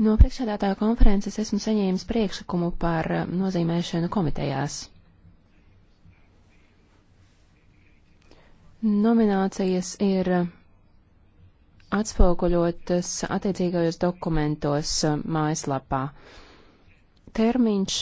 No priekšsēdētāja konferences esmu saņēmis priekšlikumu par um, nozīmēšanu komitejās. Nominācijas ir um, atspoguļotas attiecīgajos dokumentos um, mājaslapā. Termiņš